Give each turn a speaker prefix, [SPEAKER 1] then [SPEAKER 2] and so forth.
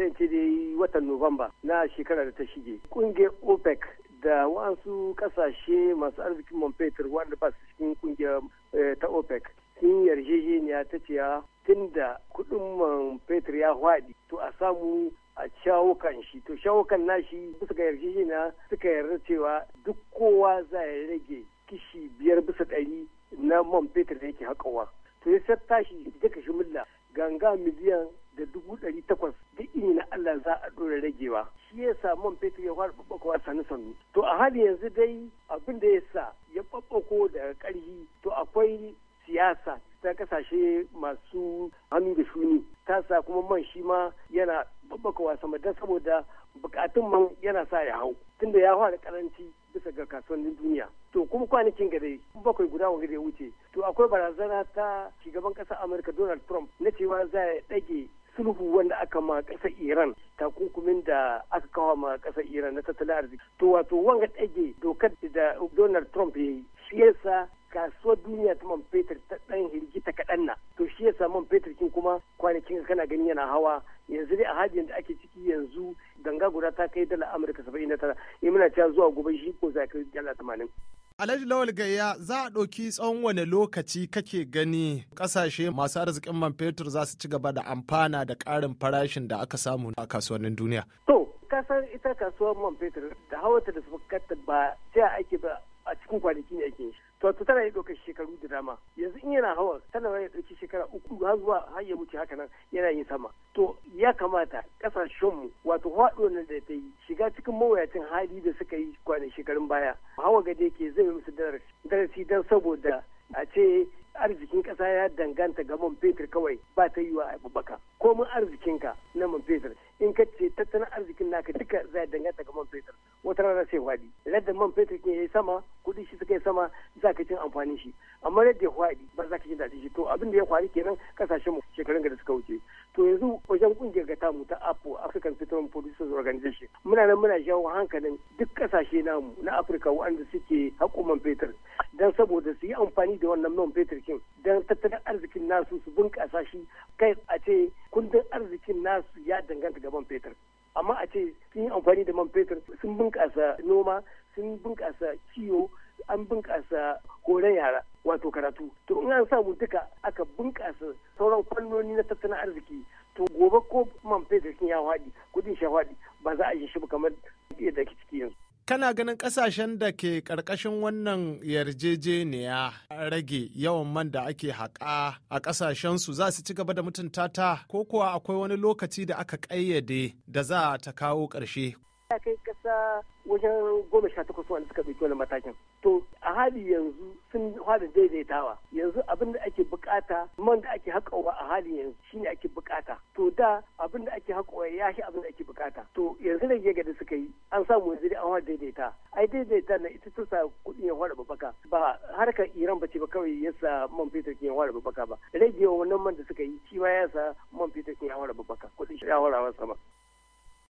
[SPEAKER 1] sai ce dai watan Nuwamba na shekarar da ta shige. Kungiyar OPEC da wasu kasashe masu arzikin man fetur wanda ba su cikin kungiyar eh, ta OPEC sun yarjejeniya ta cewa tun da kudin man fetur ya haɗi. to a samu a shawo kan shi to shawo kan nashi bisa ga yarjejeniya suka yarda cewa duk kowa za ya rage kishi biyar bisa ɗari na man fetur da yake haƙawa to ya tashi daga shimilla ganga miliyan da dubu ɗari takwas ragewa shi ya sa man fetur ya fara ɓaɓɓakowa sanu sannu to a hali yanzu dai abin da ya sa ya ɓaɓɓako daga ƙarfi to akwai siyasa ta kasashe masu hannu da shuni ta sa kuma man shi ma yana ɓaɓɓakowa sama don saboda bukatun man yana sa ya hau tunda ya fara karanci bisa ga kasuwannin duniya to kuma kwanakin gare bakwai guda wanga da ya wuce to akwai barazana ta shugaban ƙasar amurka donald trump na cewa za ya ɗage sulhu wanda aka ma ƙasar iran kukumin da aka kawo ma kasa iran na tattalin arziki to wato wanga ɗage dokar da donald trump ya yi shi yasa kasuwar duniya ta man fetur ta ɗan hirgita kaɗan na to shi yasa man fetur kin kuma kwanakin kana gani yana hawa yanzu dai a hajjin da ake ciki yanzu ganga guda ta kai dala amurka saba'in na tara eh, muna cewa zuwa gobe shi ko zaki dala tamanin
[SPEAKER 2] Alhaji Lawal Gayya za a ɗauki tsawon wane lokaci kake gani ƙasashe masu arzikin man fetur za su ci gaba da amfana da ƙarin farashin da aka samu a kasuwannin duniya.
[SPEAKER 1] To, kasar ita kasuwar man fetur da hawata da sufukarta ba jiya ake ba a cikin kwanaki ne ake shi to ta tana yi dokar shekaru da dama yanzu in yana hawa tana ya ɗauki shekara uku har zuwa har ya wuce haka nan yana yin sama to ya kamata ƙasashenmu wato haɗo nan da ta yi shiga cikin mawuyacin hali da suka yi kwanan shekarun baya hawa gade ke zai yi musu darasi don saboda a ce arzikin ƙasa ya danganta ga man fetur kawai ba ta yi wa abubakar komin arzikinka na man fetur in ka ce tattalin arzikin naka duka zai danganta ga man fetur wata rana sai hwaɗi ladda man fetur ke yi sama kuɗi shi suka yi sama za ka cin amfanin shi amma yadda ya hwaɗi ba za ka cin daɗi shi to abin da ya kwari kenan kasashen mu shekarun da suka wuce to yanzu wajen kungiyar ga tamu ta apo african petroleum producers organization muna nan muna jawo hankalin duk kasashe namu na afirka waɗanda suke haƙo man fetur dan saboda su yi amfani da wannan man fetur kin dan tattalin arzikin nasu su bunƙasa shi kai a ce kundin arzikin nasu danganta da man fetur amma a ce sun yi amfani da man fetur sun bunkasa noma sun bunkasa kiwo an bunƙasa horon yara wato karatu to in an samu duka aka bunkasa sauran fannoni na tattalin arziki to gobe ko man fetur sun ya haɗi kudin shi haɗi ba za a yi shi kamar
[SPEAKER 2] kana ganin kasashen da ke karkashin wannan yarjejeniya rage yawan man da ake haƙa a su za su ci gaba da mutunta ta ko kuwa akwai wani lokaci da aka ƙayyade da za ta kawo ƙarshe.
[SPEAKER 1] Ya kai ƙasa wajen goma sha takwas wanda suka ɗauki wani matakin. To a hali yanzu sun fara daidaitawa yanzu abin da ake bukata man da hali yanzu shi ne ake bukata to da abin da ake haƙowa ya shi abin da ake bukata to yanzu da ga da suka yi an samu yanzu an fara daidaita ai daidaita na ita ta sa kudin ya fara babaka. ba harkar iran ba ce ba kawai ya sa man fetur ke ya fara babaka ba rage wannan man da suka yi shi ma sa man fetur ke ya fara babbaka shi ya fara sama